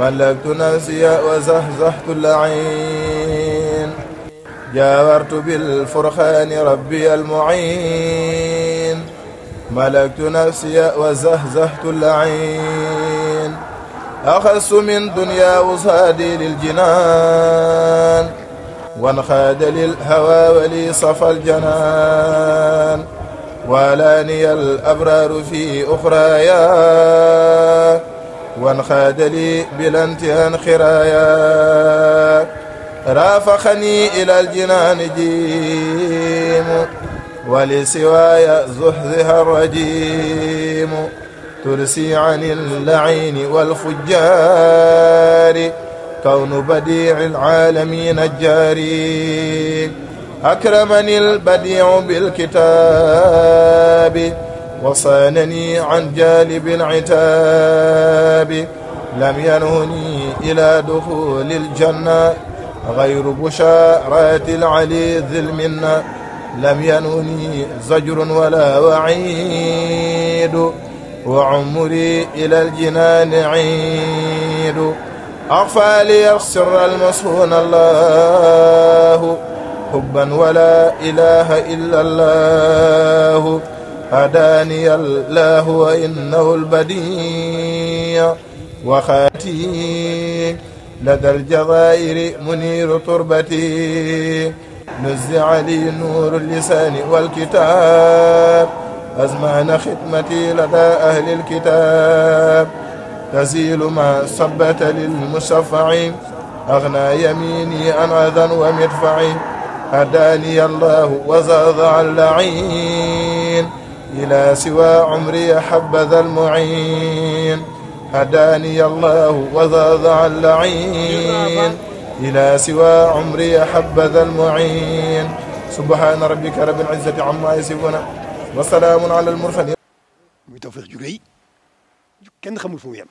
ملكت نفسي وزهزهت العين جاورت بالفرخان ربي المعين ملكت نفسي وزهزهت العين أخس من دنيا وصادي للجنان وانخاد للهوى ولي صفى الجنان والاني الأبرار في أخرايا وانخاد لي بلا انتهان خرايا رافقني إلى الجنان جيم ولسواي زحزها الرجيم ترسي عن اللعين والفجار كون بديع العالمين الجاري أكرمني البديع بالكتاب وصانني عن جالب العتاب لم ينهني إلى دخول الجنة غير بشارات العلي ذي المنة لم ينهني زجر ولا وعيد وعمري إلى الجنان عيد أخفى لي السر المصون الله حبا ولا إله إلا الله هداني الله وإنه البديع وخاتي لدى الجزائر منير تربتي نزع لي نور اللسان والكتاب أزمان ختمتي لدى أهل الكتاب تزيل ما صبت للمشفع أغنى يميني عن أذى ومدفع هداني الله وزاد عن لعين إلى سوى عمري حبذا المعين هداني الله وذاذ عن لعين إلى سوى عمري حبذا المعين سبحان ربك رب العزة عما يصفون وسلام على المرسلين muy Tawfekh jugee yi kenn xamul fu mu yem